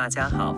大家好，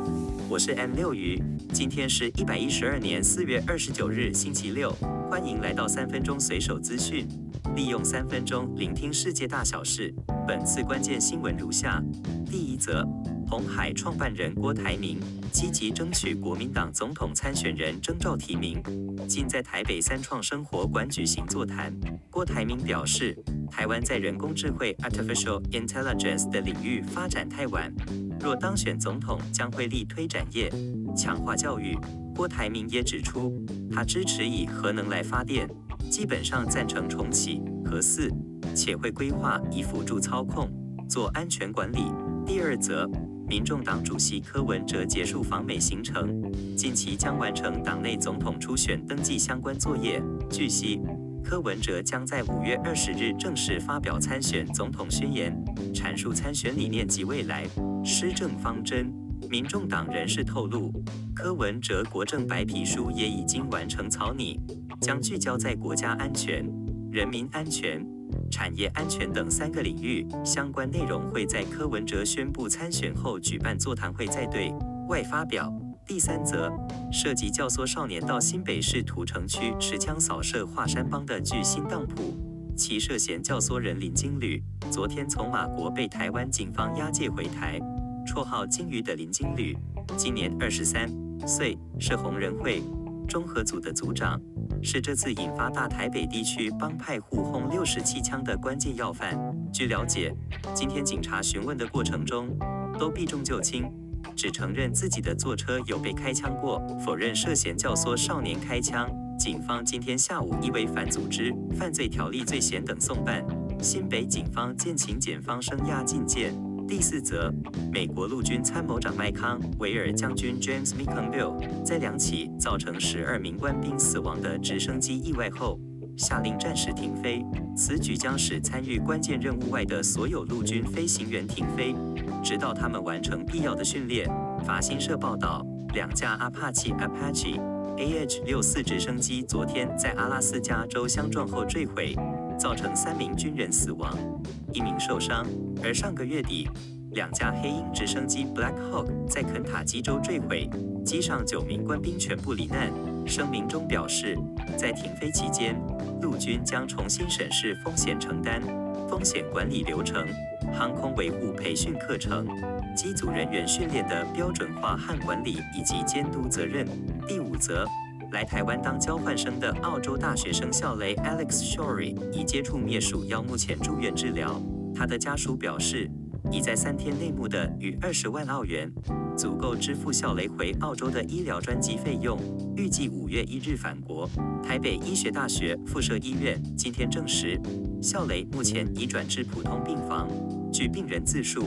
我是 M 六魚，今天是一百一十二年四月二十九日，星期六，歡迎來到三分鐘隨手資訊，利用三分鐘聆聽世界大小事。本次關鍵新聞如下：第一則，鴻海創辦人郭台銘積極爭取國民黨總統參選人徵召提名，今在台北三創生活館舉行座談。郭台銘表示，台灣在人工智慧 （Artificial Intelligence） 的領域發展太晚，若當選總統，將會力推產業、強化教育。郭台銘也指出，他支持以核能來發電，基本上贊成重啟核四，且會規劃以輔助操控做安全管理。第二則，民眾黨主席柯文哲結束訪美行程，近期將完成黨內總統初選登記相關作業。據悉。柯文哲將在五月二十日正式發表參選總統宣言，闡述參選理念及未來施政方針。民眾黨人士透露，柯文哲國政白皮書也已經完成草擬，將聚焦在國家安全、人民安全、產業安全等三個領域。相關內容會在柯文哲宣布參選後舉辦座談會，再對外發表。第三則涉及教唆少年到新北市土城區持槍掃射華山幫的巨星當鋪，其涉嫌教唆人林金旅，昨天從馬國被台灣警方押解回台。綽號金魚的林金旅，今年二十三歲，是紅人會中和組的組長，是這次引發大台北地區幫派互轟六十七槍的關鍵要犯。據了解，今天警察詢問的過程中，都避重就輕。只承認自己的坐車有被開槍過，否認涉嫌教唆少年開槍。警方今天下午依違反組織犯罪條例、罪嫌等送辦。新北警方建請檢方聲押禁見。第四則，美國陸軍參謀長麥康維爾將軍 James McConville 在兩起造成十二名官兵死亡的直升機意外後。下令暫時停飛，此舉將使參與關鍵任務外的所有陸軍飛行員停飛，直到他們完成必要的訓練。法新社報道，兩架阿帕奇 Apache AH-64 直升機昨天在阿拉斯加州相撞後墜毀，造成三名軍人死亡，一名受傷。而上個月底，兩架黑鷹直升機 Black Hawk 在肯塔基州墜毀，機上九名官兵全部罹難。聲明中表示，在停飛期間。陸軍將重新審視風險承擔、風險管理流程、航空維護培訓課程、機組人員訓練的標準化和管理以及監督責任。第五則，來台灣當交換生的澳洲大學生小雷 Alex Shorey 已接觸滅鼠藥，目前住院治療。他的家屬表示。已在三天內募得逾二十萬澳元，足夠支付小雷回澳洲的醫療專機費用。預計五月一日返國。台北醫學大學附設醫院今天證實，小雷目前已轉至普通病房。據病人自述，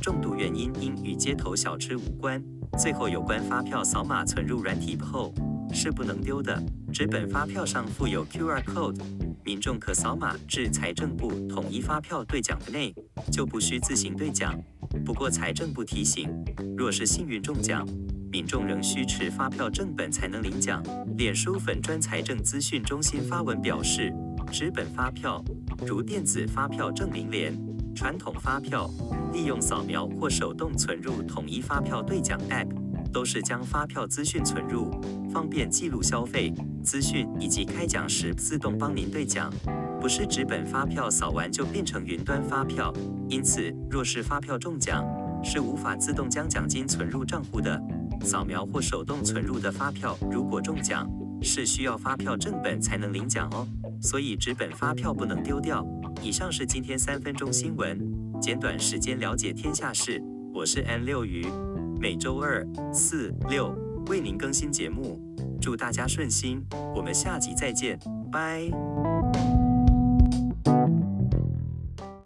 中毒原因應與街頭小吃無關。最後，有關發票掃碼存入軟體後是不能丟的，紙本發票上附有 QR code。民眾可掃碼至財政部統一發票兌獎的內，就不需自行兌獎。不過財政部提醒，若是幸運中獎，民眾仍需持發票正本才能領獎。臉書粉專財政資訊中心發文表示，紙本發票如電子發票證明聯、傳統發票，利用掃描或手動存入統一發票兌獎 App。都是將發票資訊存入，方便記錄消費資訊以及開獎時自動幫您兌獎。不是紙本發票掃完就變成雲端發票，因此若是發票中獎，是無法自動將獎金存入賬戶的。掃描或手動存入的發票，如果中獎，是需要發票正本才能領獎哦。所以紙本發票不能丟掉。以上是今天三分鐘新聞，簡短時間了解天下事。我是 N 六魚。每週二、四、六為您更新節目，祝大家順心。我們下集再見，拜！